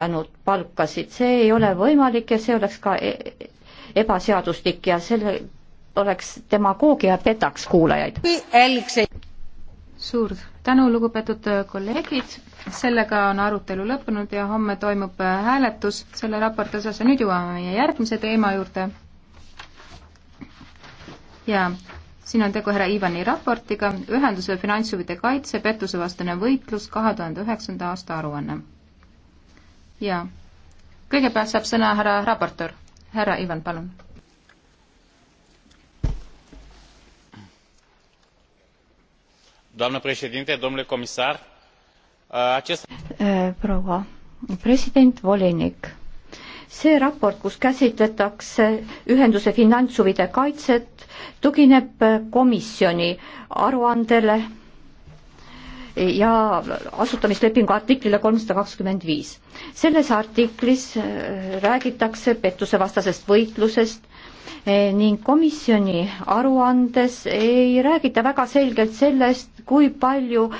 ainult palkasid, see ei ole võimalik ja see oleks ka e-, ebaseaduslik ja selle oleks demagoogia petaks kuulajaid. suur tänu, lugupeetud kolleegid, sellega on arutelu lõppenud ja homme toimub hääletus selle raporti osas ja nüüd jõuame meie järgmise teema juurde. ja siin on tegu härra Ivani raportiga, ühenduse finantshuvide kaitse, pettusevastane võitlus, kahe tuhande üheksanda aasta aruanne ja kõigepealt saab sõna härra raportöör, härra Ivan, palun. Äh, proua president, volinik, see raport, kus käsitletakse ühenduse finantshuvide kaitset, tugineb komisjoni aruandele ja asutamislepingu artiklile kolmsada kakskümmend viis. selles artiklis äh, räägitakse pettusevastasest võitlusest äh, ning komisjoni aruandes ei räägita väga selgelt sellest, kui palju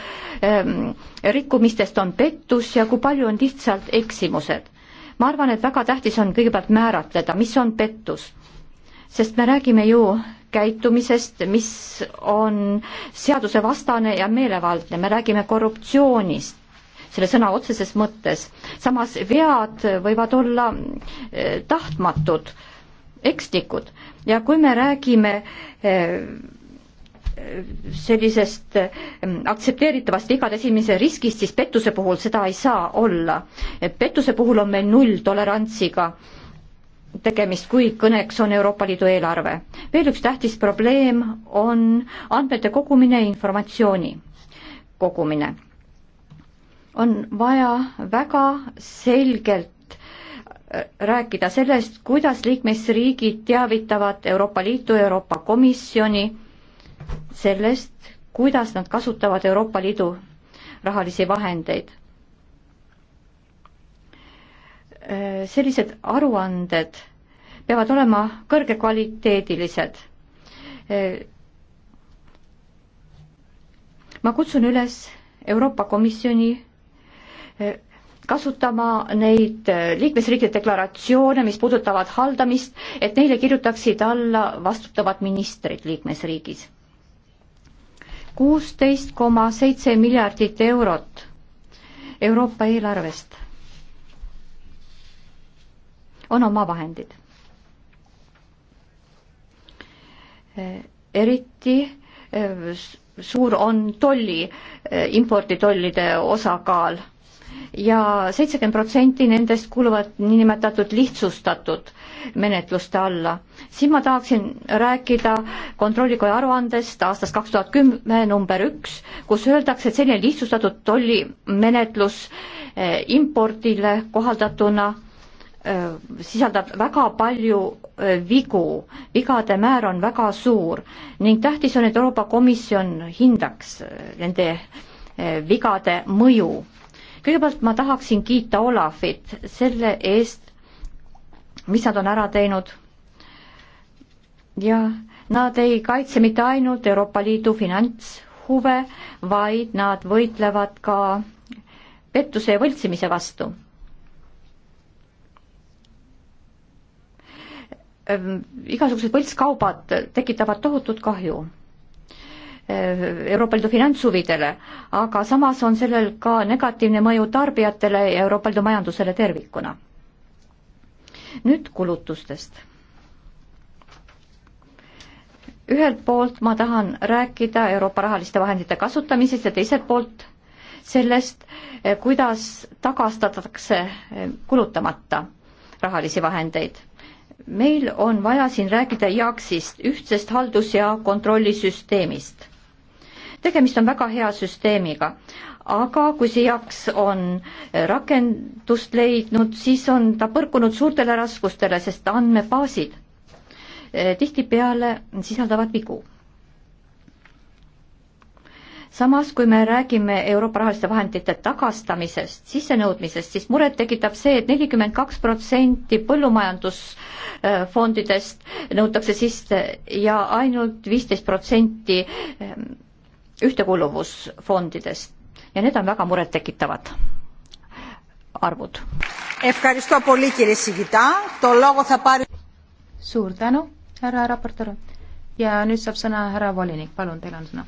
ähm, rikkumistest on pettus ja kui palju on lihtsalt eksimused. ma arvan, et väga tähtis on kõigepealt määratleda, mis on pettus, sest me räägime ju käitumisest, mis on seadusevastane ja meelevaldne, me räägime korruptsioonist selle sõna otseses mõttes. samas vead võivad olla eh, tahtmatud, ekslikud ja kui me räägime eh, sellisest eh, aktsepteeritavast vigade esimese riskist, siis pettuse puhul seda ei saa olla. pettuse puhul on meil nulltolerantsiga äh, tegemist, kui kõneks on Euroopa Liidu eelarve. veel üks tähtis probleem on andmete kogumine ja informatsiooni kogumine. on vaja väga selgelt äh, rääkida sellest, kuidas liikmesriigid teavitavad Euroopa Liitu, Euroopa Komisjoni sellest, kuidas nad kasutavad Euroopa Liidu rahalisi vahendeid Äh, sellised aruanded peavad olema kõrgekvaliteedilised. Äh, ma kutsun üles Euroopa Komisjoni äh, kasutama neid liikmesriikide deklaratsioone, mis puudutavad haldamist, et neile kirjutaksid alla vastutavad ministrid liikmesriigis. kuusteist koma seitse miljardit eurot Euroopa eelarvest on omavahendid. eriti eh, suur on tolli, eh, imporditollide osakaal ja seitsekümmend protsenti nendest kuuluvad niinimetatud lihtsustatud menetluste alla. siin ma tahaksin rääkida kontrollikoja aruandest aastast kaks tuhat kümme number üks, kus öeldakse, et selline lihtsustatud tollimenetlus eh, impordile kohaldatuna Äh, sisaldab väga palju äh, vigu, vigade määr on väga suur ning tähtis on, et Euroopa Komisjon hindaks äh, nende vigade mõju. kõigepealt ma tahaksin kiita Olafit selle eest, mis nad on ära teinud. ja nad ei kaitse mitte ainult Euroopa Liidu finantshuve, vaid nad võitlevad ka pettuse ja võltsimise vastu Ehm, igasugused võltskaubad tekitavad tohutut kahju ehm, Euroopa Liidu finantshuvidele, aga samas on sellel ka negatiivne mõju tarbijatele ja Euroopa Liidu majandusele tervikuna. nüüd kulutustest. ühelt poolt ma tahan rääkida Euroopa rahaliste vahendite kasutamisest ja teiselt poolt sellest, eh, kuidas tagastatakse eh, kulutamata rahalisi vahendeid meil on vaja siin rääkida JAKS-ist, ühtsest haldus- ja kontrollisüsteemist. tegemist on väga hea süsteemiga, aga kui see JAKS on rakendust leidnud, siis on ta põrkunud suurtele raskustele, sest andmebaasid eh, tihtipeale sisaldavad vigu samas, kui me räägime Euroopa rahaliste vahendite tagastamisest, sissenõudmisest, siis muret tekitab see et, et nelikümmend kaks protsenti põllumajandusfondidest nõutakse sisse ja ainult viisteist protsenti ehm, ühtekuuluvusfondidest ja need on väga murettekitavad arvud. suur tänu, härra raportöör ja nüüd saab sõna härra volinik, palun, teil on sõna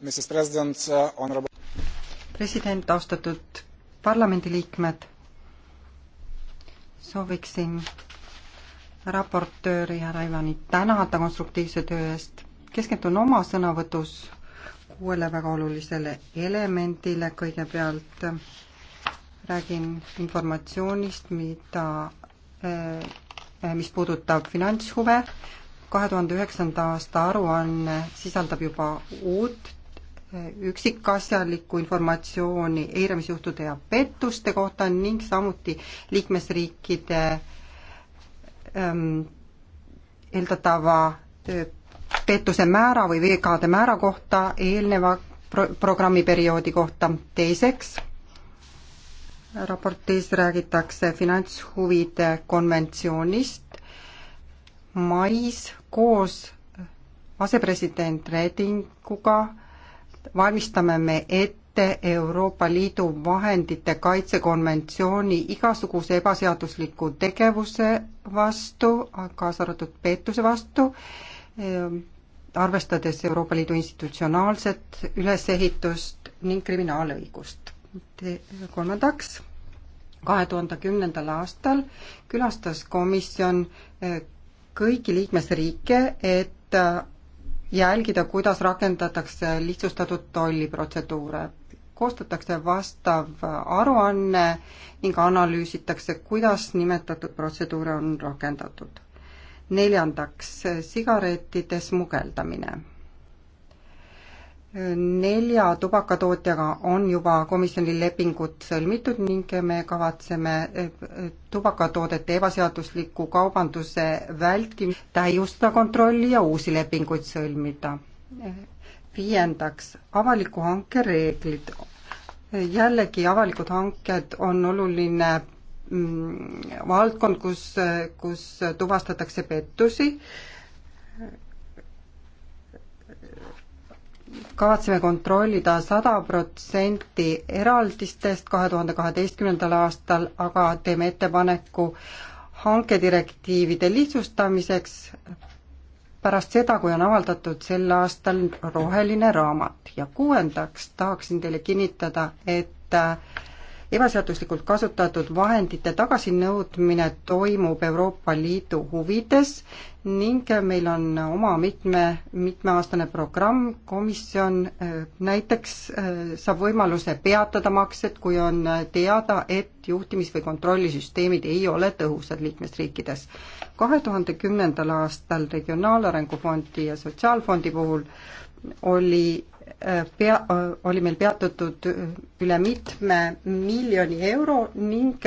Uh, president, austatud parlamendiliikmed, sooviksin raportööri härra Ivanit tänada konstruktiivse töö eest. keskendun oma sõnavõtus kuuele väga olulisele elemendile, kõigepealt äh, räägin informatsioonist, mida, äh, mis puudutab finantshuve, kahe tuhande üheksanda aasta aruanne sisaldab juba uut üksikasjalikku informatsiooni eiramisjuhtude ja pettuste kohta ning samuti liikmesriikide ähm, eeldatava pettuse määra või veekaade määra kohta eelneva pro-, programmiperioodi kohta. teiseks, raportis räägitakse finantshuvide konventsioonist mais koos asepresident Redinguga valmistame me ette Euroopa Liidu vahendite kaitsekonventsiooni igasuguse ebaseadusliku tegevuse vastu, kaasa arvatud peetuse vastu, ehm, arvestades Euroopa Liidu institutsionaalset ülesehitust ning kriminaalõigust. kolmandaks, kahe tuhande kümnendal aastal külastas komisjon eh, kõiki liikmesriike, et jälgida, kuidas rakendatakse lihtsustatud tolliprotseduure. koostatakse vastav aruanne ning analüüsitakse, kuidas nimetatud protseduure on rakendatud. neljandaks, sigarettide smugeldamine nelja tubakatootjaga on juba komisjonil lepingud sõlmitud ning me kavatseme tubakatoodete ebaseadusliku kaubanduse vältim-, täiustada kontrolli ja uusi lepinguid sõlmida. Viiendaks, avaliku hanke reeglid. jällegi, avalikud hanked on oluline mm, valdkond, kus, kus tuvastatakse pettusi kavatseme kontrollida sada protsenti eraldistest kahe tuhande kaheteistkümnendal aastal, aga teeme ettepaneku hankedirektiivide lihtsustamiseks pärast seda, kui on avaldatud sel aastal roheline raamat ja kuuendaks tahaksin teile kinnitada, et ebaseaduslikult kasutatud vahendite tagasinõudmine toimub Euroopa Liidu huvides ning meil on oma mitme, mitmeaastane programm, komisjon äh, näiteks äh, saab võimaluse peatada maksed, kui on äh, teada, et juhtimis- või kontrollisüsteemid ei ole tõhusad liikmesriikides. kahe tuhande kümnendal aastal Regionaalarengu Fondi ja Sotsiaalfondi puhul oli pea, oli meil peatatud üle mitme miljoni euro ning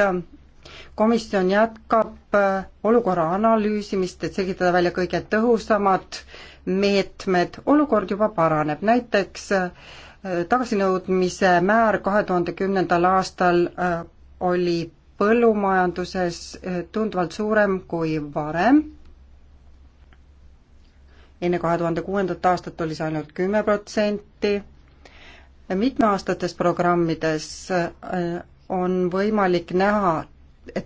komisjon jätkab olukorra analüüsimist, et selgitada välja kõige tõhusamad meetmed, olukord juba paraneb, näiteks äh, tagasinõudmise määr kahe tuhande kümnendal aastal äh, oli põllumajanduses äh, tunduvalt suurem kui varem enne kahe tuhande kuuendat aastat oli see ainult kümme protsenti. mitmeaastates programmides äh, on võimalik näha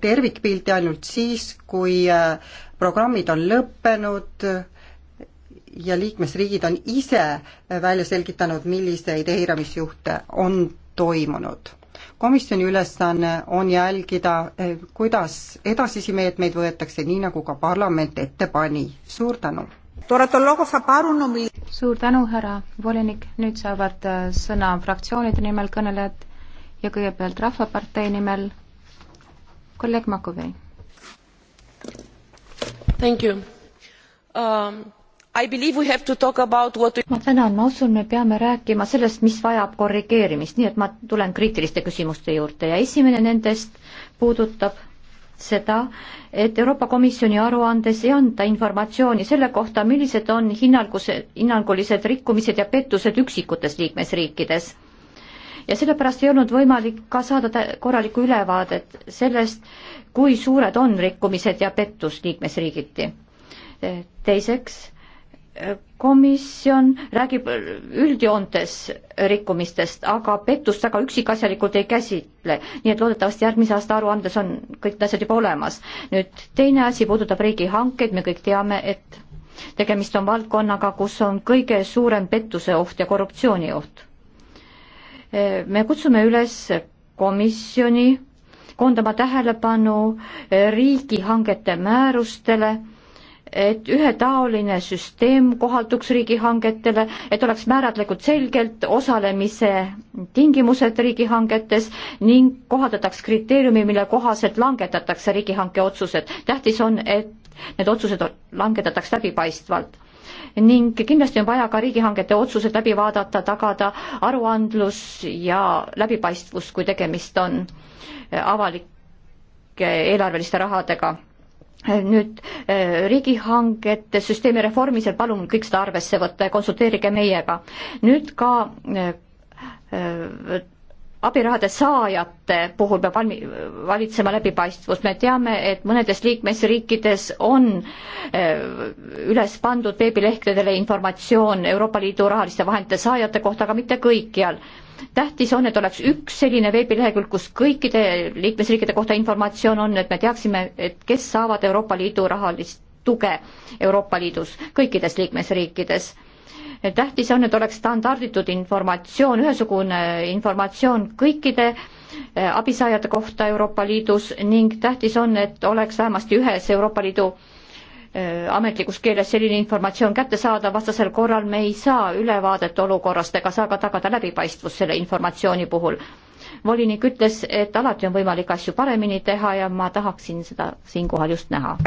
tervikpilti ainult siis, kui äh, programmid on lõppenud ja liikmesriigid on ise välja selgitanud, milliseid eiramisjuhte on toimunud. komisjoni ülesanne on jälgida, äh, kuidas edasisi meetmeid võetakse, nii nagu ka parlament ette pani. suur tänu! suur tänu, härra volinik, nüüd saavad äh, sõna fraktsioonide nimel kõnelejad ja kõigepealt Rahvapartei nimel kolleeg Makovei. Thank you um,. I believe we have to talk about what ma tänan, ma usun, me peame rääkima sellest, mis vajab korrigeerimist, nii et ma tulen kriitiliste küsimuste juurde ja esimene nendest puudutab seda, et Euroopa Komisjoni aruandes ei anta informatsiooni selle kohta, millised on hinnangused, hinnangulised rikkumised ja pettused üksikutes liikmesriikides. ja sellepärast ei olnud võimalik ka saada korralikku ülevaadet sellest, kui suured on rikkumised ja pettus liikmesriigiti. teiseks komisjon räägib üldjoontes rikkumistest, aga pettust väga üksikasjalikult ei käsitle. nii et loodetavasti järgmise aasta aruandes on kõik need asjad juba olemas. nüüd teine asi puudutab riigihankeid, me kõik teame, et tegemist on valdkonnaga, kus on kõige suurem pettuse oht ja korruptsiooni oht. me kutsume üles komisjoni koondama tähelepanu riigihangete määrustele et ühetaoline süsteem kohalduks riigihangetele, et oleks määratletud selgelt osalemise tingimused riigihangetes ning kohaldataks kriteeriumi, mille kohaselt langetatakse riigihanke otsused. tähtis on, et need otsused langetataks läbipaistvalt ning kindlasti on vaja ka riigihangete otsused läbi vaadata, tagada aruandlus ja läbipaistvus, kui tegemist on avalike eelarveliste rahadega nüüd eh, riigihangete süsteemi reformimisel, palun kõik seda arvesse võtta ja konsulteerige meiega. nüüd ka eh, eh, abirahade saajate puhul peab valitsema läbipaistvus, me teame, et mõnedes liikmesriikides on eh, üles pandud veebilehtedele informatsioon Euroopa Liidu rahaliste vahendite saajate kohta, aga mitte kõikjal. tähtis on, et oleks üks selline veebilehekülg, kus kõikide liikmesriikide kohta informatsioon on, et me teaksime, et kes saavad Euroopa Liidu rahalist tuge Euroopa Liidus kõikides liikmesriikides tähtis on, et oleks standarditud informatsioon, ühesugune informatsioon kõikide eh, abisaajate kohta Euroopa Liidus ning tähtis on, et oleks vähemasti ühes Euroopa Liidu eh, ametlikus keeles selline informatsioon kättesaadav, vastasel korral me ei saa ülevaadet olukorrast ega saa ka tagada läbipaistvust selle informatsiooni puhul. volinik ütles, et alati on võimalik asju paremini teha ja ma tahaksin seda siinkohal just näha.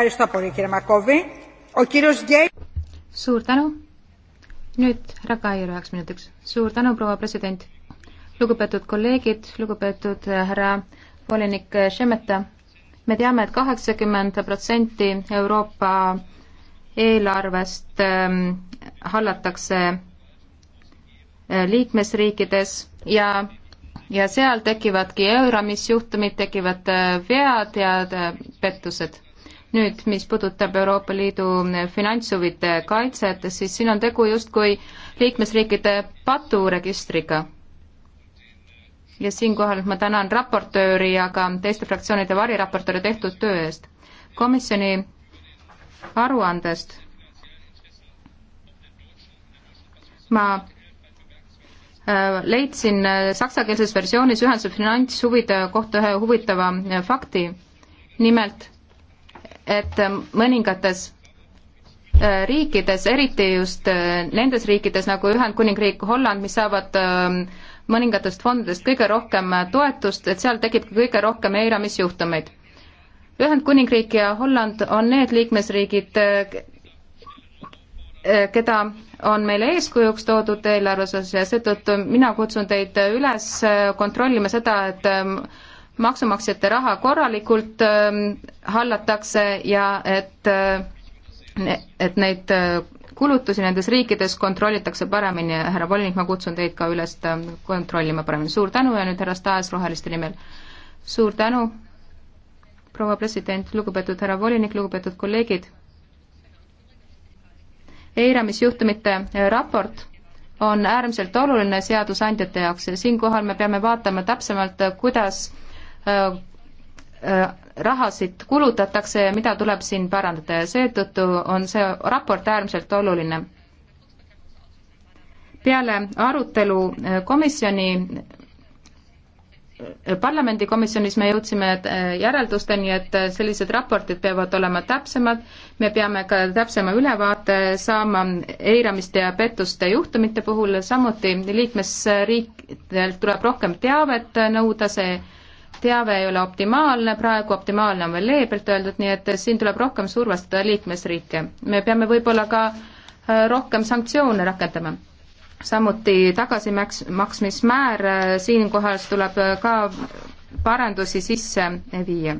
suur tänu nüüd härra Kair üheks minutiks. suur tänu, proua president. lugupeetud kolleegid, lugupeetud äh, härra volinik äh, Šemeta. me teame et, et kaheksakümmend protsenti Euroopa eelarvest ähm, hallatakse äh, liikmesriikides ja, ja seal tekivadki euramisjuhtumid, tekivad vead ja pettused nüüd, mis puudutab Euroopa Liidu finantshuvide kaitset, siis siin on tegu justkui liikmesriikide paturegistriga. ja siinkohal ma tänan raportööri ja ka teiste fraktsioonide variraportööri tehtud töö eest. komisjoni aruandest ma äh, leidsin äh, saksakeelses versioonis ühenduse finantshuvide kohta ühe huvitava äh, fakti, nimelt et mõningates äh, riikides, eriti just äh, nendes riikides nagu Ühendkuningriik, Holland, mis saavad ähm, mõningatest fondidest kõige rohkem äh, toetust, et seal tekib kõige rohkem eiramisjuhtumeid. Ühendkuningriik ja Holland on need liikmesriigid, keda on meile eeskujuks toodud eelarves ja seetõttu mina kutsun teid üles kontrollima seda, et ähm, maksumaksjate raha korralikult ähm, hallatakse ja et, äh, et neid äh, kulutusi nendes riikides kontrollitakse paremini ja härra volinik, ma kutsun teid ka üles ähm, kontrollima paremini. suur tänu ja nüüd härra Staes Roheliste nimel. suur tänu, proua president, lugupeetud härra volinik, lugupeetud kolleegid. eiramisjuhtumite äh, raport on äärmiselt oluline seadusandjate jaoks ja siinkohal me peame vaatama täpsemalt, kuidas Äh, äh, rahasid kulutatakse ja mida tuleb siin parandada ja seetõttu on see raport äärmiselt oluline. peale arutelu äh, komisjoni parlamendikomisjonis me jõudsime järeldusteni, et sellised raportid peavad olema täpsemad, me peame ka täpsema ülevaate saama eiramiste ja pettuste juhtumite puhul, samuti liikmesriikidelt tuleb rohkem teavet nõuda, see teave ei ole optimaalne, praegu optimaalne on veel leebelt öeldud, nii et siin tuleb rohkem survestada liikmesriike. me peame võib-olla ka äh, rohkem sanktsioone rakendama. samuti tagasimaks-, maksmismäär, äh, siinkohal tuleb äh, ka parandusi sisse viia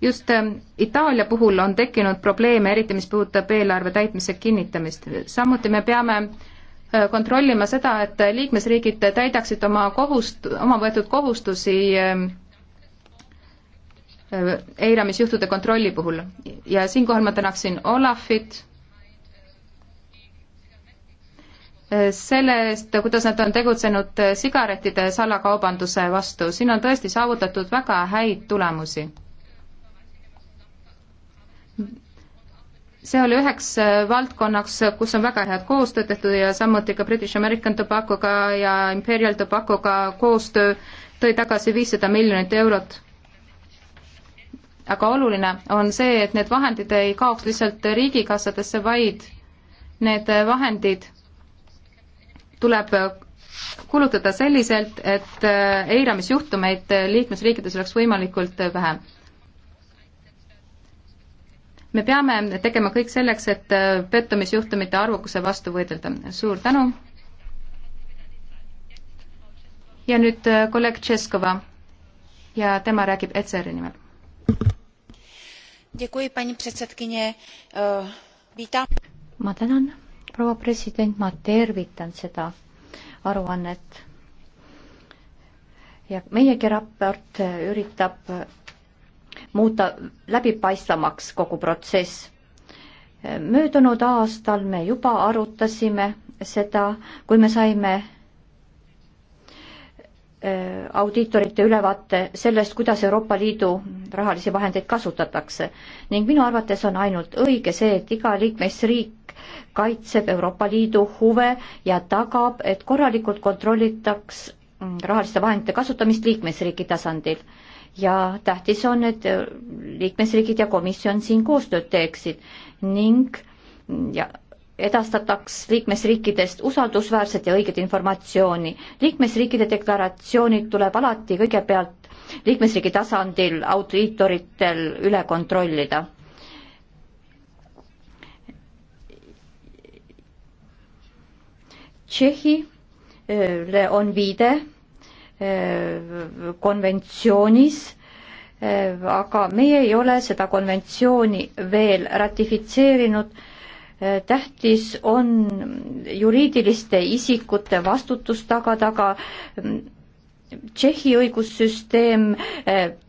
just Itaalia puhul on tekkinud probleeme, eriti mis puudutab eelarve täitmise kinnitamist. samuti me peame Äh, kontrollima seda, et liikmesriigid täidaksid oma kohust, oma võetud kohustusi ähm, äh, eiramisjuhtude kontrolli puhul. ja siinkohal ma tänaksin Olafit äh, selle eest, kuidas nad on tegutsenud sigarettide salakaubanduse vastu. siin on tõesti saavutatud väga häid tulemusi see oli üheks äh, valdkonnaks, kus on väga head koostööd tehtud ja samuti ka British American Tobacco'ga ja Imperial Tobacco'ga koostöö tõi tagasi viissada miljonit eurot. aga oluline on see, et need vahendid ei kaoks lihtsalt riigikassadesse, vaid need vahendid tuleb kulutada selliselt, et äh, eiramisjuhtumeid liikmesriikides oleks võimalikult vähe me peame tegema kõik selleks, et äh, pettumisjuhtumite arvukuse vastu võidelda. suur tänu. ja nüüd äh, kolleeg Tšeskova ja tema räägib ETSER-i nimel. Äh, ma tänan, proua president, ma tervitan seda aruannet ja meiegi raport üritab muuta läbipaistvamaks kogu protsess. möödunud aastal me juba arutasime seda, kui me saime äh, audiitorite ülevaate sellest, kuidas Euroopa Liidu rahalisi vahendeid kasutatakse ning minu arvates on ainult õige see, et iga liikmesriik kaitseb Euroopa Liidu huve ja tagab, et korralikult kontrollitaks mm, rahaliste vahendite kasutamist liikmesriigi tasandil ja tähtis on, et äh, liikmesriigid ja komisjon siin koostööd teeksid ning mm, ja edastataks liikmesriikidest usaldusväärset ja õiget informatsiooni. liikmesriikide deklaratsioonid tuleb alati kõigepealt liikmesriigi tasandil audiitoritel üle kontrollida. Tšehhile äh, on viide Eh, konventsioonis, eh, aga meie ei ole seda konventsiooni veel ratifitseerinud. Eh, tähtis on juriidiliste isikute vastutus tagada, aga mm, Tšehhi õigussüsteem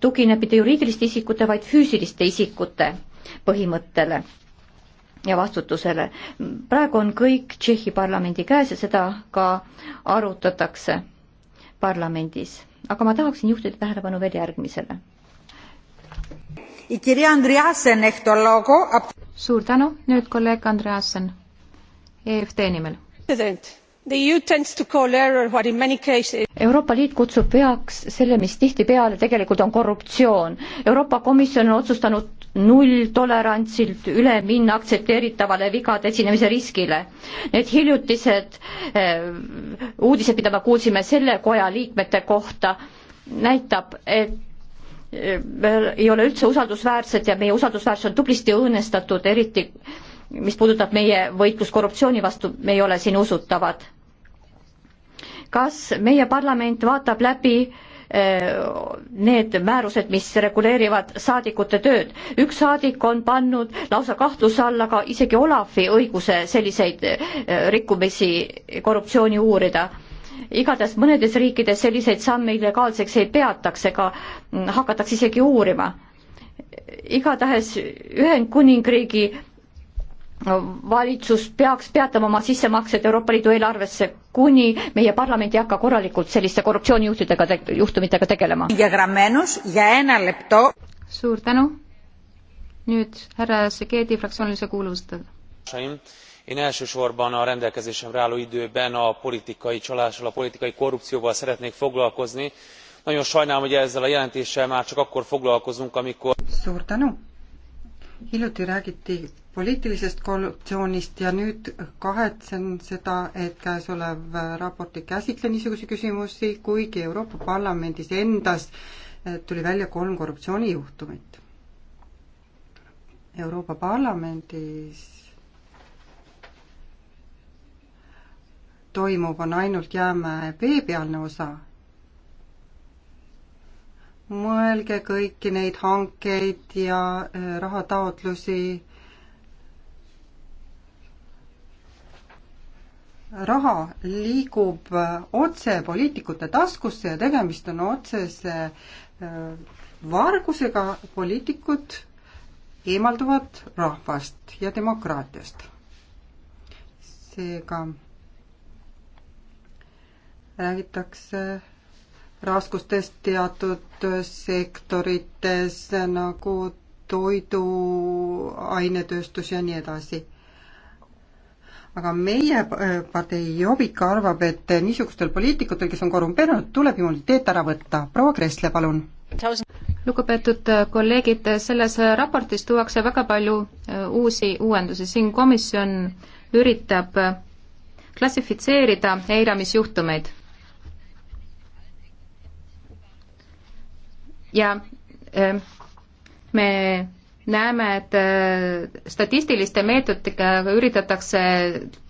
tugineb mitte juriidiliste isikute, vaid füüsiliste isikute põhimõttele ja vastutusele. praegu on kõik Tšehhi parlamendi käes ja seda ka arutatakse parlamendis, aga ma tahaksin juhtida tähelepanu veel järgmisele. suur tänu, nüüd kolleeg Andreasen EFD nimel. E Euroopa Liit kutsub veaks selle, mis tihtipeale tegelikult on korruptsioon. Euroopa Komisjon on otsustanud nulltolerantsilt üle minna aktsepteeritavale vigade esinemise riskile. Need hiljutised äh, uudised, mida me kuulsime selle koja liikmete kohta, näitab, et eh, me äh, ei ole üldse usaldusväärsed ja meie usaldusväärsus on tublisti õõnestatud, eriti mis puudutab meie võitlust korruptsiooni vastu, me ei ole siin usutavad. kas meie parlament vaatab läbi äh, Äh, need määrused, mis reguleerivad saadikute tööd. üks saadik on pannud lausa kahtluse alla ka isegi Olafi õiguse selliseid äh, rikkumisi, korruptsiooni uurida. igatahes mõnedes riikides selliseid samme illegaalseks ei peataks ega mm, hakatakse isegi uurima. igatahes Ühendkuningriigi valitsus peaks peatama oma sissemaksed Euroopa Liidu eelarvesse, kuni meie parlament ei hakka korralikult selliste korruptsioonijuhtidega te,, juhtumitega tegelema. suur tänu. nüüd härra Segedi fraktsioonilise kuuluvustel. Én elsősorban a rendelkezésemre álló időben a politikai csalással, a politikai korrupcióval szeretnék foglalkozni. Nagyon sajnálom, hogy ezzel a jelentéssel már csak akkor foglalkozunk, amikor... Suur tänu hiljuti räägiti poliitilisest korruptsioonist ja nüüd kahetsen seda, et käesolev raport ei käsitle niisuguseid küsimusi, kuigi Euroopa Parlamendis endas eh, tuli välja kolm korruptsioonijuhtumit. Euroopa Parlamendis toimuv on ainult jäämäe veepealne osa mõelge kõiki neid hankeid ja äh, rahataotlusi. raha liigub äh, otse poliitikute taskusse ja tegemist on otsese äh, vargusega, poliitikud eemalduvad rahvast ja demokraatiast. seega räägitakse raskustest teatud sektorites nagu toiduainetööstus ja nii edasi. aga meie äh, partei Jobbik arvab, et niisugustel poliitikutel, kes on korrumpeerunud, tuleb immuniteet ära võtta. proua Kressle, palun. lugupeetud äh, kolleegid, selles raportis tuuakse väga palju äh, uusi uuendusi, siin komisjon üritab klassifitseerida eiramisjuhtumeid ja e, me näeme, et e, statistiliste meetoditega üritatakse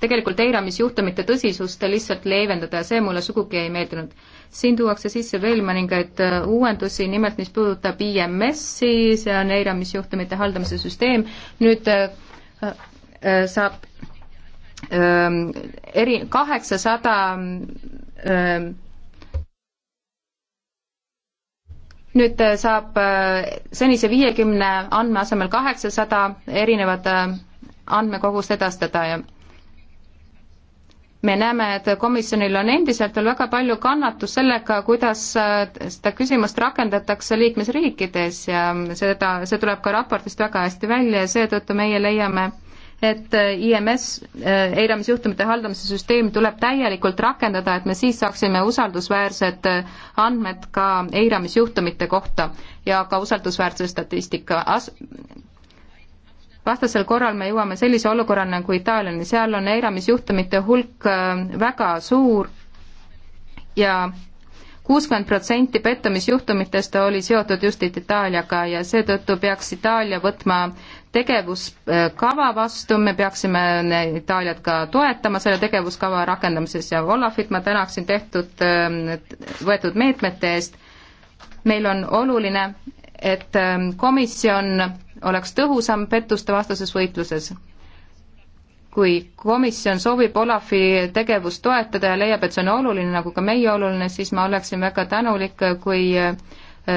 tegelikult eiramisjuhtumite tõsisust lihtsalt leevendada ja see mulle sugugi ei meeldinud. siin tuuakse sisse veel mõningaid e, uuendusi, nimelt mis puudutab IMS-i, see on eiramisjuhtumite haldamise süsteem, nüüd saab eri, kaheksasada nüüd äh, saab äh, senise viiekümne andme asemel kaheksasada erinevat äh, andmekogust edastada ja me näeme, et komisjonil on endiselt veel väga palju kannatust sellega, kuidas seda küsimust rakendatakse liikmesriikides ja seda, see tuleb ka raportist väga hästi välja ja seetõttu meie leiame, et äh, IMS äh, eiramisjuhtumite haldamise süsteem tuleb täielikult rakendada, et me siis saaksime usaldusväärsed äh, andmed ka eiramisjuhtumite kohta ja ka usaldusväärse statistika As vastasel korral me jõuame sellise olukorrani nagu Itaaliani, seal on eiramisjuhtumite hulk väga suur ja kuuskümmend protsenti pettumisjuhtumitest oli seotud just Itaaliaga ja seetõttu peaks Itaalia võtma tegevuskava vastu, me peaksime Itaaliat ka toetama selle tegevuskava rakendamises ja Olafit ma tänaksin tehtud, võetud meetmete eest. meil on oluline, et komisjon oleks tõhusam pettuste vastases võitluses. kui komisjon soovib Olafi tegevust toetada ja leiab, et see on oluline, nagu ka meie oluline, siis ma oleksin väga tänulik, kui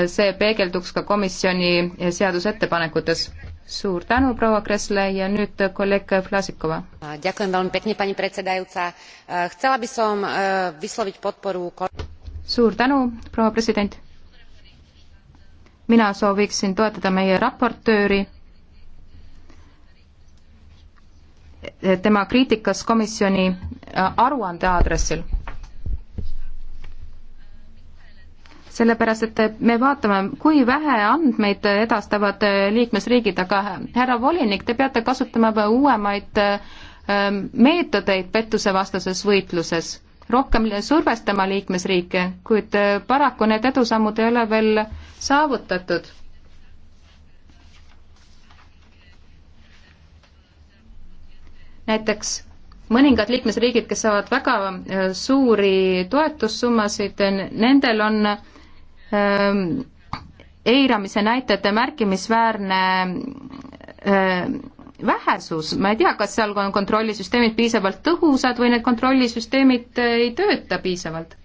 see peegelduks ka komisjoni seadusettepanekutes suur tänu, proua Kressle ja nüüd kolleeg Vlasikova. Ďakujem veľmi pekne, pani predsedajúca. E, chcela by som e, vysloviť podporu suur tänu, proua president. mina sooviksin toetada meie raportööri tema kriitikas komisjoni e, aruande aadressil sellepärast et me vaatame, kui vähe andmeid edastavad liikmesriigid, aga härra volinik, te peate kasutama uuemaid ähm, meetodeid pettusevastases võitluses, rohkem survestama liikmesriike, kuid äh, paraku need edusammud ei ole veel saavutatud näiteks mõningad liikmesriigid, kes saavad väga äh, suuri toetussummasid, nendel on Ähm, eiramise näitajate märkimisväärne ähm, vähesus, ma ei tea, kas seal on kontrollisüsteemid piisavalt tõhusad või need kontrollisüsteemid äh, ei tööta piisavalt.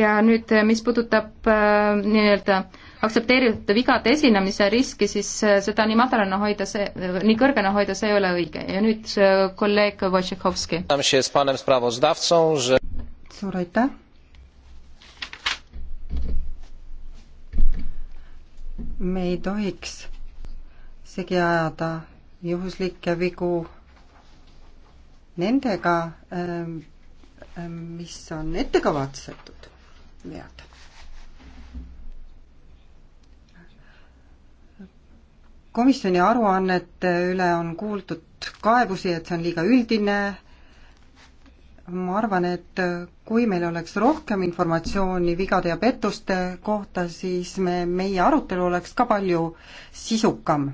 ja nüüd, äh, mis puudutab äh, nii-öelda aktsepteeritud vigade esinemise riski, siis äh, seda nii madalana hoida, see, nii kõrgena hoida, see ei ole õige. ja nüüd kolleeg Wojciechowski. suur aitäh me ei tohiks segi ajada juhuslikke vigu nendega, ähm, ähm, mis on ettekavatsetud vead. komisjoni aruannete üle on kuuldud kaebusi, et see on liiga üldine, ma arvan, et kui meil oleks rohkem informatsiooni vigade ja pettuste kohta, siis me, meie arutelu oleks ka palju sisukam.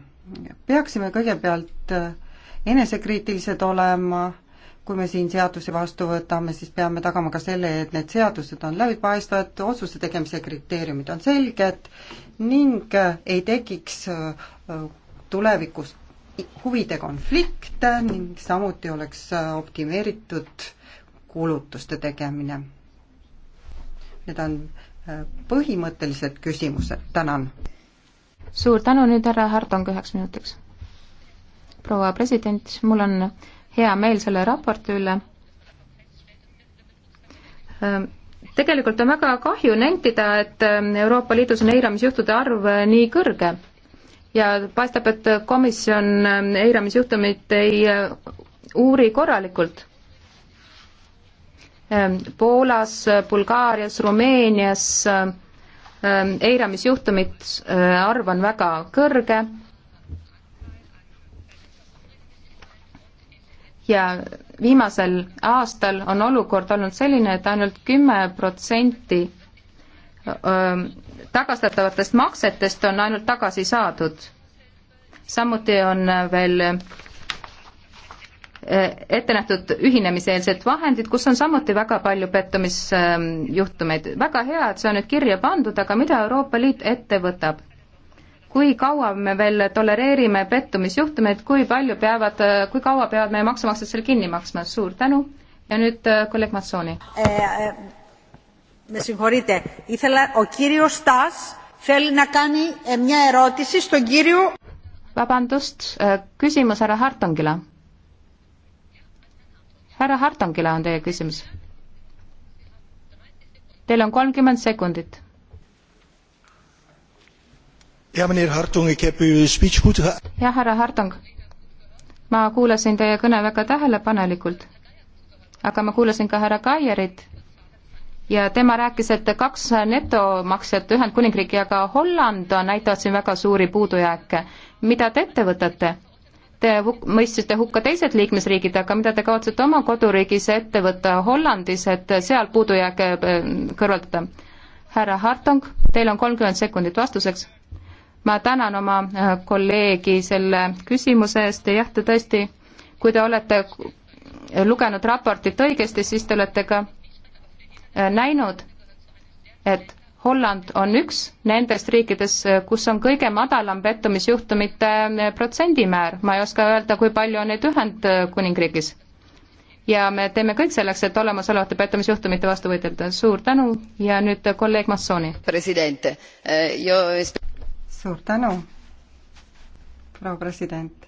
peaksime kõigepealt enesekriitilised olema, kui me siin seadusi vastu võtame, siis peame tagama ka selle, et need seadused on läbipaistvad, otsuse tegemise kriteeriumid on selged ning ei tekiks äh, tulevikus huvide konflikte ning samuti oleks äh, optimeeritud kulutuste tegemine. Need on äh, põhimõttelised küsimused, tänan. suur tänu nüüd, härra Hartong, üheks minutiks. proua president, mul on hea meel selle raporti üle. Ähm, tegelikult on väga kahju nentida, et ähm, Euroopa Liidus on eiramisjuhtude arv äh, nii kõrge ja paistab, et komisjon ähm, eiramisjuhtumit ei äh, uuri korralikult Ehm, Poolas, Bulgaarias, Rumeenias ehm, ehm, eiramisjuhtumid arv on väga kõrge ja viimasel aastal on olukord olnud selline, et ainult kümme protsenti tagastatavatest maksetest on ainult tagasi saadud. samuti on veel ette nähtud ühinemiseelsed vahendid, kus on samuti väga palju pettumisjuhtumeid. väga hea, et see on nüüd kirja pandud, aga mida Euroopa Liit ette võtab? kui kaua me veel tolereerime pettumisjuhtumeid, kui palju peavad, kui kaua peavad meie maksumaksjad selle kinni maksma, suur tänu ja nüüd äh, kolleeg Matsooni. Äh, äh, me sihorite, ήθελα ο κύριος Στάς θέλει να κάνει μια ερώτηση στον κύριο Vabandust, küsimus härra Hartongile härra Hartongile on teie küsimus. Teil on kolmkümmend sekundit. jah, härra Hartong, ma kuulasin teie kõne väga tähelepanelikult, aga ma kuulasin ka härra Kaierit ja tema rääkis, et kaks netomaksjat, Ühendkuningriik ja ka Holland on, näitavad siin väga suuri puudujääke. mida te ette võtate? te huk-, mõistsite hukka teised liikmesriigid, aga mida te kavatsete oma koduriigis ette võtta Hollandis, et seal puudujääke äh, kõrvaldada? härra Hartong, teil on kolmkümmend sekundit vastuseks. ma tänan oma äh, kolleegi selle küsimuse eest ja jah, te tõesti, kui te olete lugenud raportit õigesti, siis te olete ka äh, näinud, et Holland on üks nendest riikidest, kus on kõige madalam pettumisjuhtumite eh, protsendimäär, ma ei oska öelda, kui palju on neid Ühendkuningriigis. ja me teeme kõik selleks, et olemasolevate pettumisjuhtumite vastu võidelda, suur tänu ja nüüd kolleeg Massooni. president, eh, suur tänu, proua president.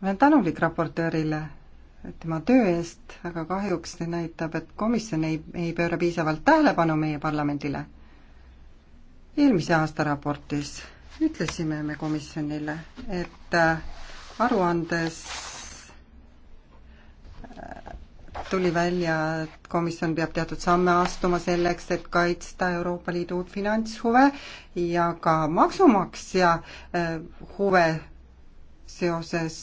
ma olen tänulik raportöörile tema töö eest, aga kahjuks see näitab, et komisjon ei, ei pööra piisavalt tähelepanu meie parlamendile eelmise aasta raportis ütlesime me komisjonile, et äh, aruandes äh, tuli välja, et komisjon peab teatud samme astuma selleks, et kaitsta Euroopa Liidu finantshuve ja ka maksumaksja äh, huve seoses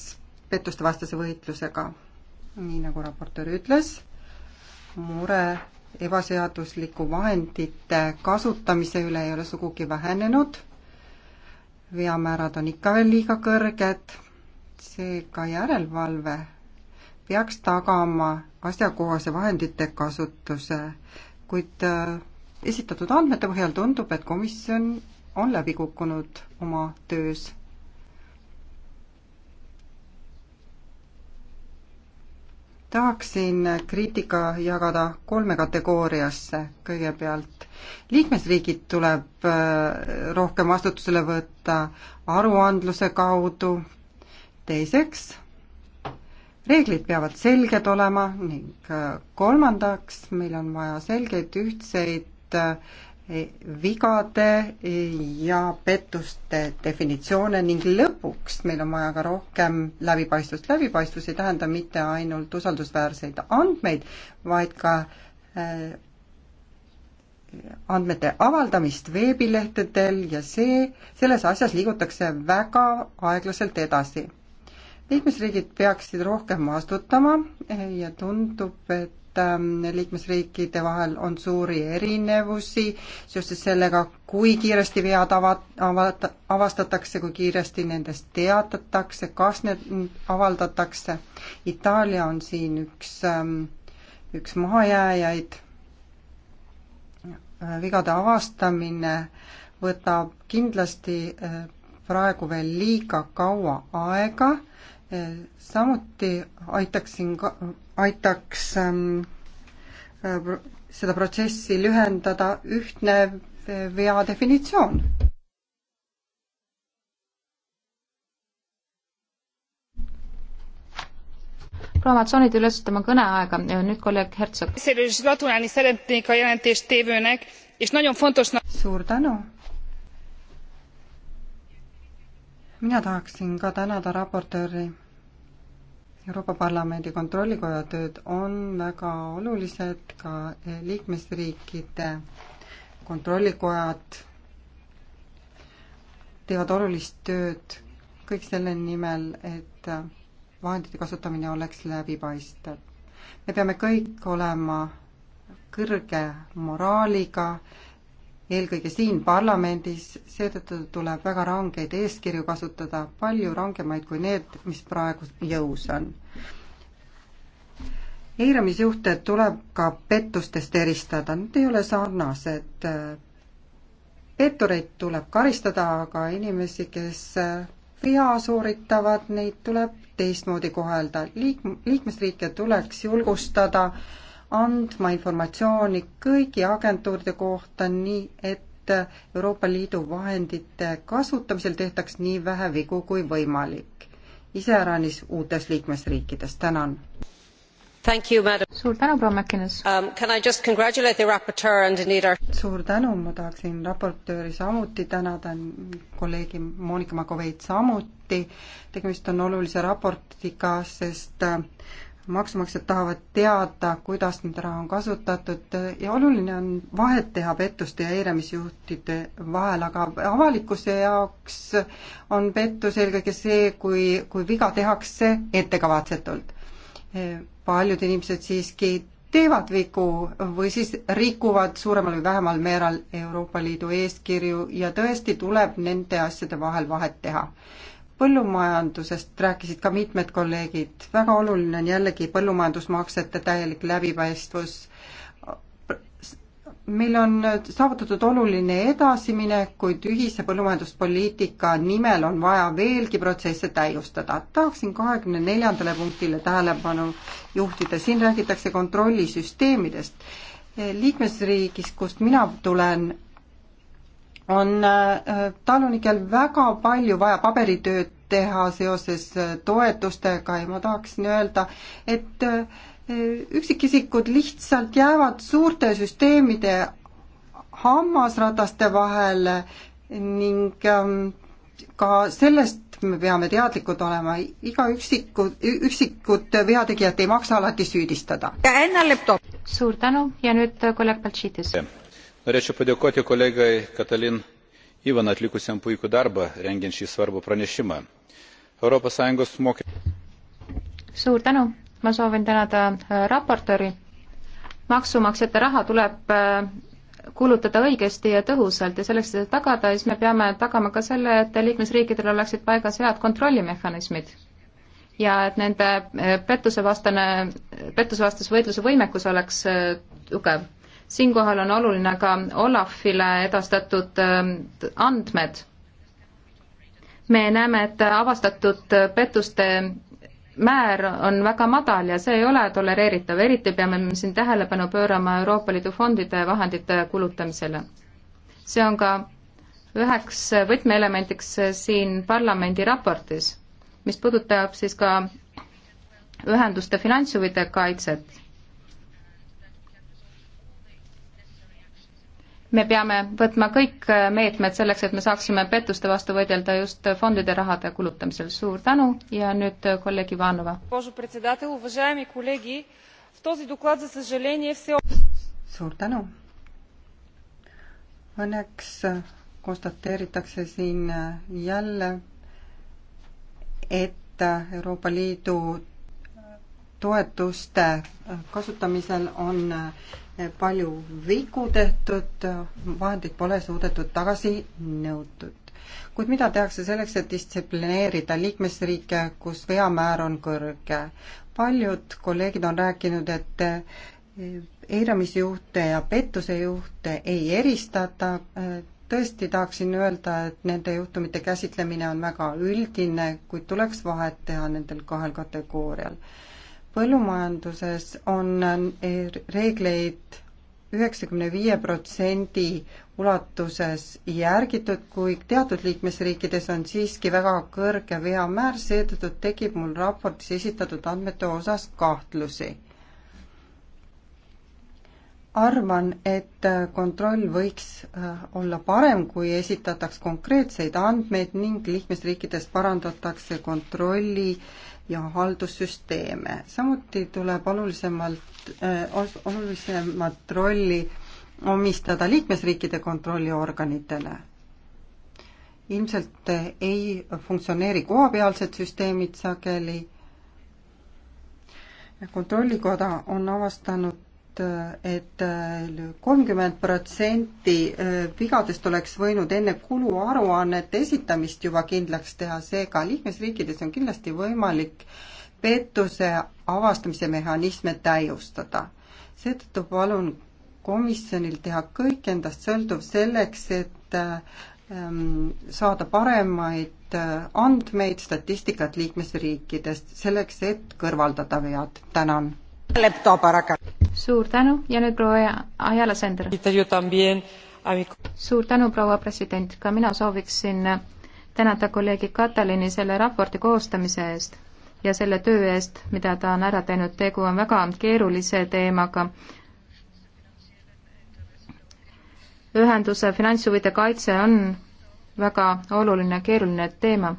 pettustevastase võitlusega. nii nagu raportöör ütles, mure ebaseadusliku vahendite kasutamise üle ei ole sugugi vähenenud. veamäärad on ikka veel liiga kõrged, seega järelevalve peaks tagama asjakohase vahendite kasutuse, kuid äh, esitatud andmete põhjal tundub, et komisjon on läbi kukkunud oma töös tahaksin kriitika jagada kolme kategooriasse. kõigepealt liikmesriigid tuleb äh, rohkem vastutusele võtta aruandluse kaudu, teiseks reeglid peavad selged olema ning äh, kolmandaks meil on vaja selgeid ühtseid äh, vigade ja pettuste definitsioone ning lõpuks meil on vaja ka rohkem läbipaistvust. läbipaistvus ei tähenda mitte ainult usaldusväärseid andmeid, vaid ka äh, andmete avaldamist veebilehtedel ja see, selles asjas liigutakse väga aeglaselt edasi liikmesriigid peaksid rohkem vastutama ja tundub, et Ähm, liikmesriikide vahel on suuri erinevusi seoses sellega, kui kiiresti vead ava-, ava-, avastatakse, kui kiiresti nendest teatatakse, kas need avaldatakse. Itaalia on siin üks, ähm, üks mahajääjaid. vigade avastamine võtab kindlasti äh, praegu veel liiga kaua aega äh, samuti aitaksin ka aitaks ähm, äh, seda protsessi lühendada ühtne äh, vea definitsioon. Programmatsioonid üles ütlema kõneaega. Nüüd kolleeg Hertsog. Suur tänu. Mina tahaksin ka tänada raportööri Euroopa Parlamendi kontrollikoja tööd on väga olulised, ka liikmesriikide kontrollikojad teevad olulist tööd kõik selle nimel, et vahendite kasutamine oleks läbipaistev. me peame kõik olema kõrge moraaliga eelkõige siin parlamendis, seetõttu tuleb väga rangeid eeskirju kasutada, palju rangemaid kui need, mis praegu jõus on. eiramisjuhte tuleb ka pettustest eristada, need ei ole sarnased. pettureid tuleb karistada, aga inimesi, kes vea sooritavad, neid tuleb teistmoodi kohelda. liik-, liikmesriike tuleks julgustada äh, andma informatsiooni kõigi agentuuride kohta, nii et Euroopa Liidu vahendite kasutamisel tehtaks nii vähe vigu kui võimalik. iseäranis uutes liikmesriikides, tänan. suur tänu, proua Mäkkinas um,! suur tänu, ma tahaksin raportööri samuti tänada, kolleegi Monika Makoveit samuti, tegemist on olulise raportiga, sest maksumaksjad tahavad teada, kuidas nende raha on kasutatud ja oluline on vahet teha pettuste ja eiramisjuhtide vahel, aga avalikkuse jaoks on pettus eelkõige see, kui, kui viga tehakse ettekavatsetult. paljud inimesed siiski teevad vigu või siis rikuvad suuremal või vähemal määral Euroopa Liidu eeskirju ja tõesti tuleb nende asjade vahel vahet teha põllumajandusest rääkisid ka mitmed kolleegid, väga oluline on jällegi põllumajandusmaksete täielik läbipaistvus. meil on saavutatud oluline edasiminek, kuid ühise põllumajanduspoliitika nimel on vaja veelgi protsesse täiustada. tahaksin kahekümne neljandale punktile tähelepanu juhtida, siin räägitakse kontrollisüsteemidest liikmesriigis, kust mina tulen, on äh, talunikel väga palju vaja paberitööd teha seoses äh, toetustega ja ma tahaksin öelda, et äh, üksikisikud lihtsalt jäävad suurte süsteemide hammasrataste vahele ning ähm, ka sellest me peame teadlikud olema, iga üksiku, üksikut veategijat ei maksa alati süüdistada. suur tänu ja nüüd kolleeg Baltšiitis yeah norėčiau padėkoti kolegai katalin ivan atlikusiam puikų darbą rengiant šį svarbų pranešimą. suur tänu ma soovin tänada äh, raportööri maksumaksjate raha tuleb äh, kulutada õigesti ja tõhusalt ja selleks, et tagada, siis me peame tagama ka selle, et liikmesriikidel oleksid paigas head kontrollimehhanismid ja et nende äh, pettusevastane, pettusevastase võitluse võimekus oleks tugev siinkohal on oluline ka Olafile edastatud äh, andmed. me näeme, et avastatud pettuste määr on väga madal ja see ei ole tolereeritav, eriti peame siin tähelepanu pöörama Euroopa Liidu fondide vahendite kulutamisele. see on ka üheks võtmeelemendiks siin parlamendi raportis, mis puudutab siis ka ühenduste finantshuvide kaitset me peame võtma kõik meetmed selleks, et me saaksime pettuste vastu võidelda just fondide rahade kulutamisel. suur tänu ja nüüd kolleeg Ivanova. suur tänu. Õnneks konstateeritakse siin jälle, et Euroopa Liidu toetuste kasutamisel on palju vigu tehtud, vahendeid pole suudetud tagasi nõutud. kuid mida tehakse selleks, et distsiplineerida liikmesriike, kus veamäär on kõrge? paljud kolleegid on rääkinud, et eh, eiramisjuhte ja pettusejuhte ei eristata, tõesti tahaksin öelda, et nende juhtumite käsitlemine on väga üldine, kuid tuleks vahet teha nendel kahel kategoorial põllumajanduses on reegleid üheksakümne viie protsendi ulatuses järgitud, kuid teatud liikmesriikides on siiski väga kõrge veamäär, seetõttu tekib mul raportis esitatud andmete osas kahtlusi. arvan, et kontroll võiks äh, olla parem, kui esitataks konkreetseid andmeid ning liikmesriikides parandatakse kontrolli äh, ja haldussüsteeme. samuti tuleb olulisemalt äh,, olulisemat rolli omistada liikmesriikide kontrolliorganitele. ilmselt ei funktsioneeri kohapealsed süsteemid sageli. kontrollikoda on avastanud et, et äh, kolmkümmend protsenti äh, vigadest oleks võinud enne kuluaruannete esitamist juba kindlaks teha, seega liikmesriikides on kindlasti võimalik pettuse avastamise mehhanisme täiustada. seetõttu palun komisjonil teha kõik endast sõltuv selleks, et äh, ähm, saada paremaid andmeid, statistikat liikmesriikidest, selleks et kõrvaldada vead. tänan suur tänu ja nüüd proua Ajala Sender. suur tänu, proua president, ka mina sooviksin tänada kolleegi Katalini selle raporti koostamise eest ja selle töö eest, mida ta on ära teinud, tegu on väga keerulise teemaga. ühenduse finantshuvide kaitse on väga oluline, keeruline teema.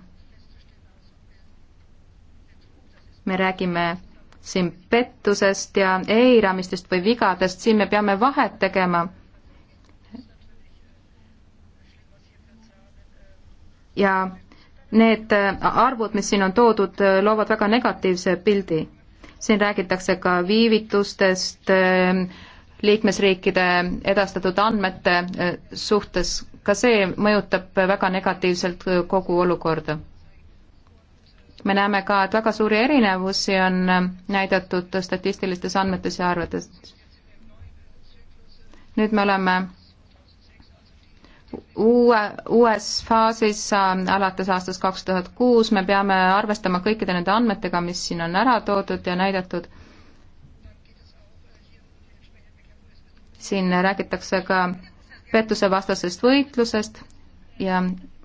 me räägime siin pettusest ja eiramistest või vigadest, siin me peame vahet tegema. ja need arvud, mis siin on toodud, loovad väga negatiivse pildi. siin räägitakse ka viivitustest, liikmesriikide edastatud andmete suhtes, ka see mõjutab väga negatiivselt kogu olukorda me näeme ka, et väga suuri erinevusi on äh, näidatud statistilistes andmetes ja arvetes. nüüd me oleme uue, uues faasis äh, alates aastast kaks tuhat kuus, me peame arvestama kõikide nende andmetega, mis siin on ära toodud ja näidatud. siin räägitakse ka pettusevastasest võitlusest ja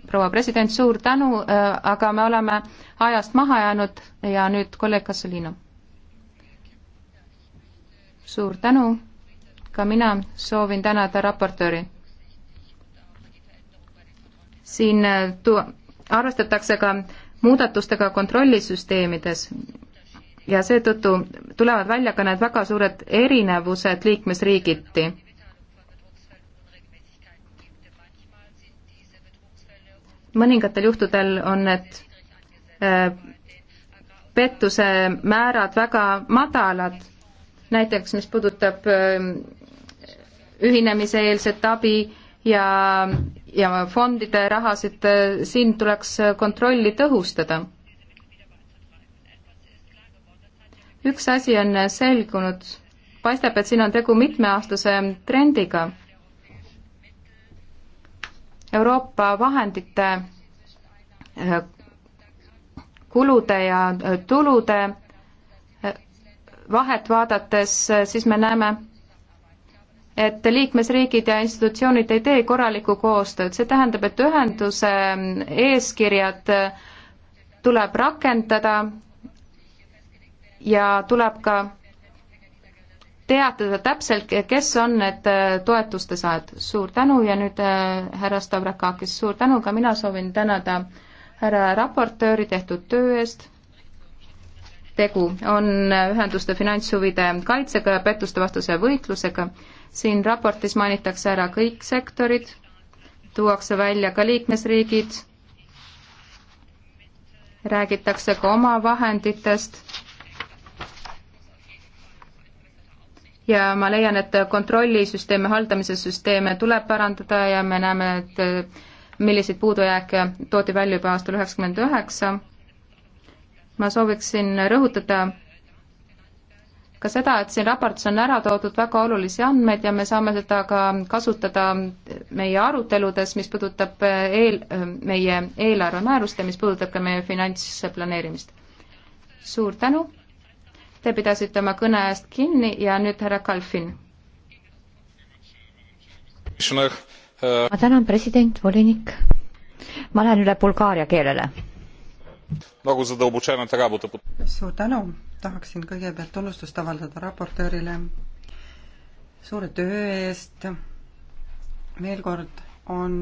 proua president, suur tänu, äh, aga me oleme ajast maha jäänud ja nüüd kolleeg Kasselino. suur tänu, ka mina soovin tänada raportööri. siin äh, tu-, arvestatakse ka muudatustega kontrollisüsteemides ja seetõttu tulevad välja ka need väga suured erinevused liikmesriigiti mõningatel juhtudel on need äh, pettuse määrad väga madalad, näiteks mis puudutab äh, ühinemiseelset abi ja, ja fondide rahasid, äh, siin tuleks kontrolli tõhustada. üks asi on selgunud, paistab, et siin on tegu mitmeaastase trendiga Euroopa vahendite eh, kulude ja eh, tulude eh, vahet vaadates, siis me näeme, et liikmesriigid ja institutsioonid ei tee korralikku koostööd, see tähendab, et ühenduse mm, eeskirjad tuleb rakendada ja tuleb ka teatada täpselt, kes on need äh, toetuste saajad. suur tänu ja nüüd äh, härra Stavrakakis, suur tänu, ka mina soovin tänada härra raportööri tehtud töö eest. tegu on äh, ühenduste finantshuvide kaitsega ja pettuste vastase võitlusega. siin raportis mainitakse ära kõik sektorid, tuuakse välja ka liikmesriigid, räägitakse ka omavahenditest ja ma leian, et kontrollisüsteeme, haldamise süsteeme tuleb parandada ja me näeme, et milliseid puudujääke toodi välja juba aastal üheksakümmend üheksa. ma sooviksin rõhutada ka seda, et siin raportis on ära toodud väga olulisi andmeid ja me saame seda ka kasutada meie aruteludes, mis puudutab eel, meie eelarvemäärust ja mis puudutab ka meie finantsplaneerimist. suur tänu! Te pidasite oma kõne eest kinni ja nüüd härra Kalfin. Äh, ma tänan, president, volinik. ma lähen üle bulgaaria keelele. Nagu suur tänu, tahaksin kõigepealt tunnustust avaldada raportöörile suure töö eest. veel kord on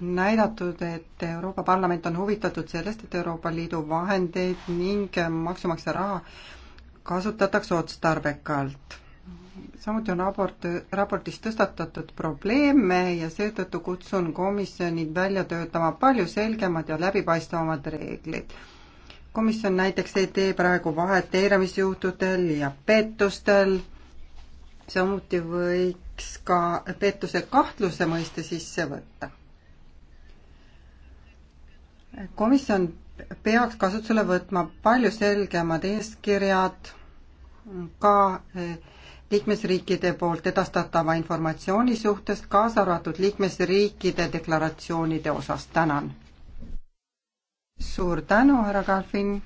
näidatud, et Euroopa Parlament on huvitatud sellest, et Euroopa Liidu vahendeid ning maksumaksja raha kasutatakse otstarbekalt. samuti on raport, raportis tõstatatud probleeme ja seetõttu kutsun komisjoni välja töötama palju selgemad ja läbipaistvamad reeglid. komisjon näiteks ei tee praegu vahet eiramisjuhtudel ja pettustel, samuti võiks ka pettuse kahtluse mõiste sisse võtta komisjon peaks kasutusele võtma palju selgemad eeskirjad ka eh, liikmesriikide poolt edastatava informatsiooni suhtes, kaasa arvatud liikmesriikide deklaratsioonide osas. tänan. suur tänu, härra Kalfin.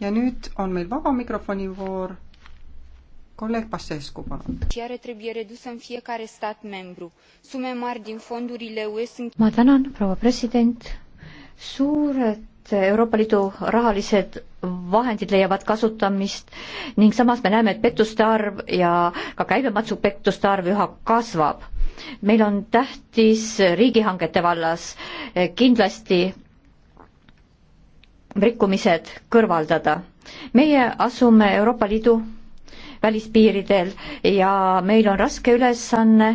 ja nüüd on meil vaba mikrofoni voor Coleg Pasescu, palun. trebuie redusă în fiecare stat membru. Sume mari din fondurile UE sunt... Ma tänan, proua president. Suured Euroopa Liidu rahalised vahendid leiavad kasutamist ning samas me näeme, et pettuste arv ja ka käibemaksupettuste arv üha kasvab. meil on tähtis riigihangete vallas kindlasti rikkumised kõrvaldada. meie asume Euroopa Liidu välispiiridel ja meil on raske ülesanne,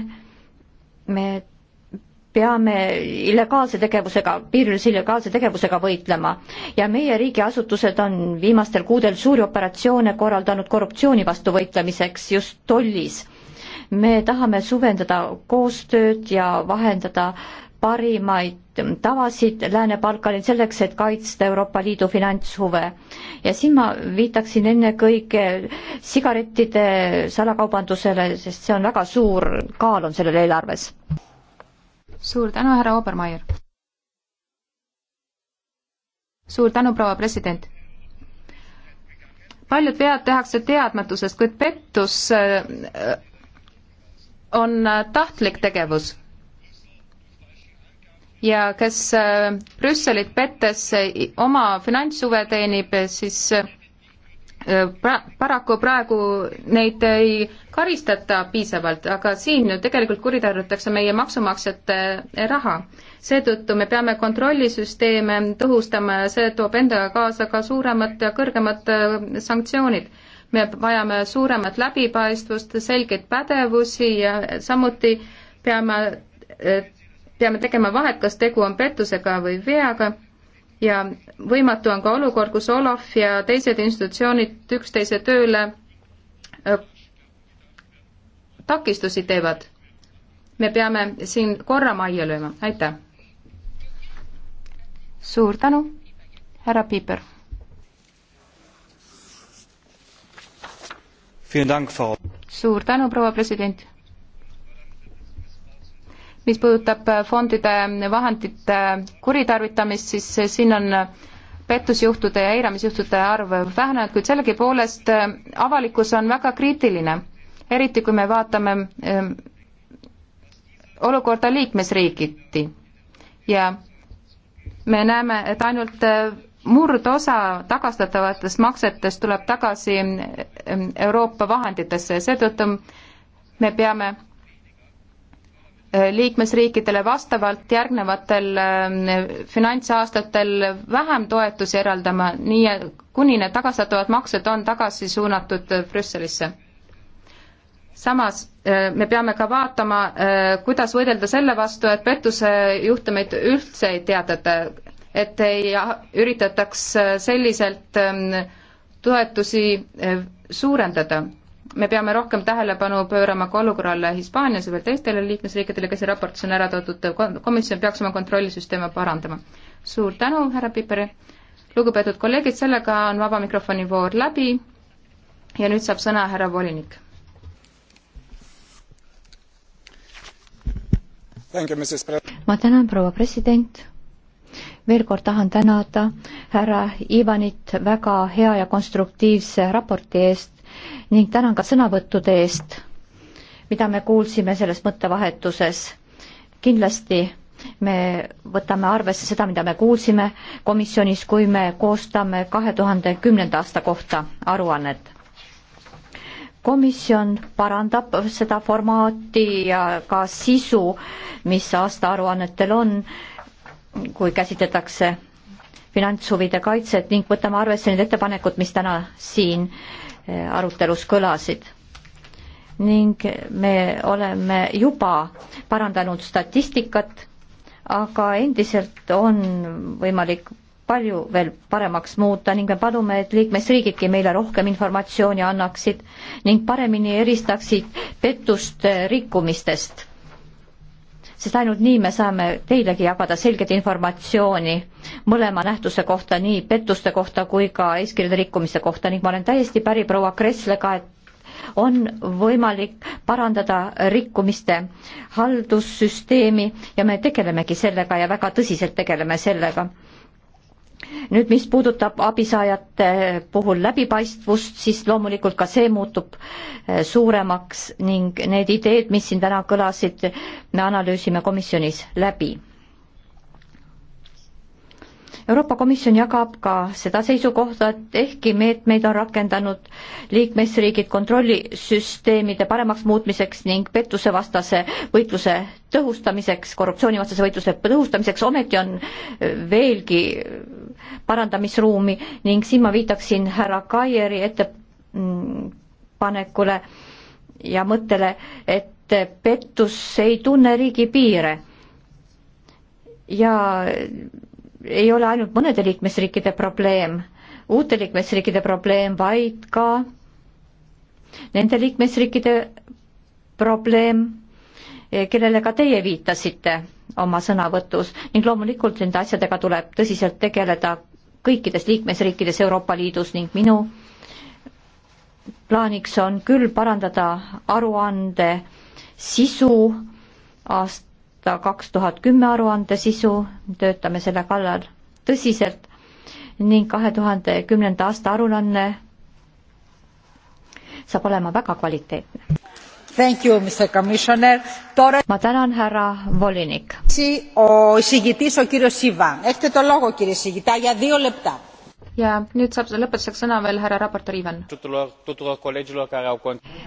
me peame illegaalse tegevusega, piirilise illegaalse tegevusega võitlema ja meie riigiasutused on viimastel kuudel suuri operatsioone korraldanud korruptsiooni vastu võitlemiseks just tollis. me tahame suvendada koostööd ja vahendada äh, parimaid tavasid Lääne-Balkanil selleks, et kaitsta Euroopa Liidu finantshuve. ja siin ma viitaksin ennekõike sigarettide salakaubandusele, sest see on väga suur kaal on sellel eelarves. suur tänu, härra Obermeier! suur tänu, proua president! paljud vead tehakse teadmatusest, kuid pettus äh, äh, on tahtlik tegevus ja kes äh, Brüsselit pettes äh, oma finantshuve teenib, äh, siis pra-, paraku praegu neid ei karistata piisavalt, aga siin ju tegelikult kuritarvitatakse meie maksumaksjate raha. seetõttu me peame kontrollisüsteeme tõhustama ja see toob endaga kaasa ka suuremad ja kõrgemad sanktsioonid. me vajame suuremat läbipaistvust, selgeid pädevusi ja samuti peame peame tegema vahet, kas tegu on pettusega või veaga ja võimatu on ka olukord, kus Olav ja teised institutsioonid üksteise tööle takistusi teevad. me peame siin korra majja lööma, aitäh. suur tänu, härra Piiper. suur tänu, proua president mis puudutab äh, fondide vahendite kuritarvitamist, siis äh, siin on äh, pettusjuhtude ja eiramisjuhtude arv vähenenud, kuid sellegipoolest avalikkus on väga kriitiline, eriti kui me vaatame ähm, olukorda liikmesriigiti ja me näeme, et ainult murdosa tagastatavatest maksetest tuleb tagasi Euroopa vahenditesse ja seetõttu me peame Äh, liikmesriikidele vastavalt järgnevatel äh, finantsaastatel vähem toetusi eraldama, nii kuni need tagastatavad maksed on tagasi suunatud äh, Brüsselisse. samas me peame ka vaatama, kuidas võidelda selle vastu, et pettusejuhtumeid üldse ei teatata, et ei ah-, üritataks selliselt ähm, toetusi suurendada me peame rohkem tähelepanu pöörama ka olukorrale Hispaanias ja veel teistele liikmesriikidele, kes raportis on ära toodud, komisjon peaks oma kontrollisüsteeme parandama. suur tänu, härra Piper. lugupeetud kolleegid, sellega on vaba mikrofoni voor läbi ja nüüd saab sõna härra volinik. ma tänan, proua president veel kord tahan tänada härra Ivanit väga hea ja konstruktiivse raporti eest, ning tänan ka sõnavõttude eest, mida me kuulsime selles mõttevahetuses. kindlasti me võtame arvesse seda, mida me kuulsime komisjonis, kui me koostame kahe tuhande kümnenda aasta kohta aruannet komisjon parandab seda formaati ja ka sisu, mis aastaaruannetel on, kui käsitletakse finantshuvide kaitset ning võtame arvesse need ettepanekud, mis täna siin arutelus kõlasid ning me oleme juba parandanud statistikat, aga endiselt on võimalik palju veel paremaks muuta ning me palume, et liikmesriigidki meile rohkem informatsiooni annaksid ning paremini eristaksid pettust rikkumistest sest ainult nii me saame teilegi jagada selget informatsiooni mõlema nähtuse kohta, nii pettuste kohta kui ka eeskirjade rikkumise kohta ning ma olen täiesti päri proua Kresslega, et on võimalik parandada rikkumiste haldussüsteemi ja me tegelemegi sellega ja väga tõsiselt tegeleme sellega nüüd, mis puudutab abisaajate puhul läbipaistvust, siis loomulikult ka see muutub eh, suuremaks ning need ideed, mis siin täna kõlasid, me analüüsime komisjonis läbi Euroopa Komisjon jagab ka seda seisukohta, et ehkki meetmeid on rakendanud liikmesriigid kontrollisüsteemide paremaks muutmiseks ning pettusevastase võitluse tõhustamiseks, korruptsioonivastase võitluse tõhustamiseks, ometi on veelgi parandamisruumi ning siin ma viitaksin härra Kaieri ettepanekule ja mõttele, et pettus ei tunne riigipiire ja ei ole ainult mõnede liikmesriikide probleem, uute liikmesriikide probleem, vaid ka nende liikmesriikide probleem, eh, kellele ka teie viitasite oma sõnavõtus ning loomulikult nende asjadega tuleb tõsiselt tegeleda kõikides liikmesriikides Euroopa Liidus ning minu plaaniks on küll parandada aruande sisu aast-, aasta kaks tuhat kümme aruande sisu, töötame selle kallal tõsiselt ning kahe tuhande kümnenda aasta aruanne saab olema väga kvaliteetne. Tore... ma tänan, härra volinik ja nüüd saab lõpetuseks sõna veel härra raportöör Ivan.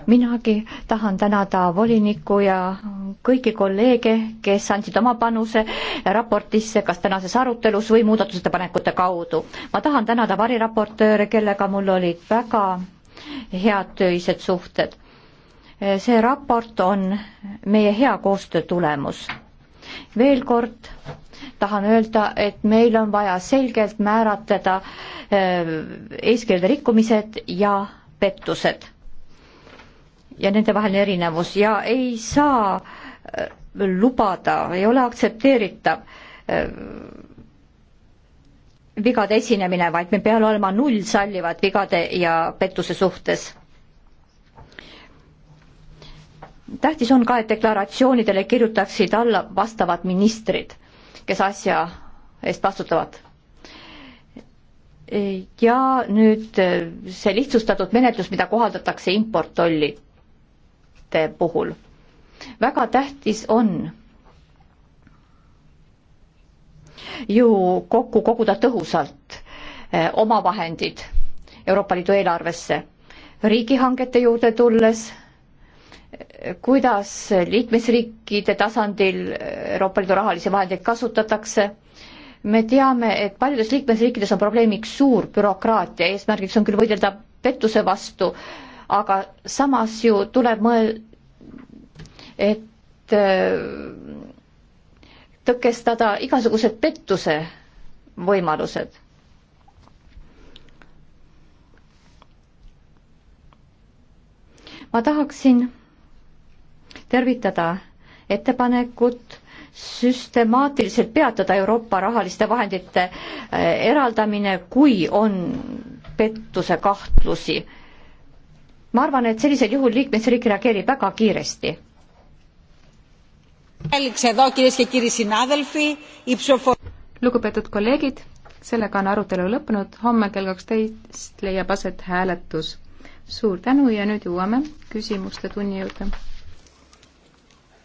minagi tahan tänada volinikku ja kõiki kolleege, kes andsid oma panuse raportisse, kas tänases arutelus või muudatusettepanekute kaudu. ma tahan tänada variraportööre, kellega mul olid väga head töised suhted. see raport on meie hea koostöö tulemus. veel kord tahan öelda, et meil on vaja selgelt määratleda äh, eeskirjade rikkumised ja pettused. ja nende vaheline erinevus ja ei saa äh, lubada, ei ole aktsepteeritav äh, vigade esinemine, vaid me peame olema null sallivad vigade ja pettuse suhtes tähtis on ka, et deklaratsioonidele kirjutaksid alla vastavad ministrid kes asja eest vastutavad. ja nüüd eh, see lihtsustatud menetlus, mida kohaldatakse importtollide puhul. väga tähtis on ju kokku koguda tõhusalt eh, omavahendid Euroopa Liidu eelarvesse. riigihangete juurde tulles kuidas liikmesriikide tasandil Euroopa Liidu rahalisi vahendeid kasutatakse. me teame, et paljudes liikmesriikides on probleemiks suur bürokraatia, eesmärgiks on küll võidelda pettuse vastu, aga samas ju tuleb mõel-, et äh, tõkestada igasugused pettuse võimalused ma tahaksin tervitada ettepanekut süstemaatiliselt peatada Euroopa rahaliste vahendite eh, eraldamine, kui on pettuse kahtlusi. ma arvan, et sellisel juhul liikmesriik reageerib väga kiiresti. lugupeetud kolleegid, sellega on arutelu lõppenud, homme kell kaksteist leiab aset hääletus. suur tänu ja nüüd jõuame küsimuste tunni juurde.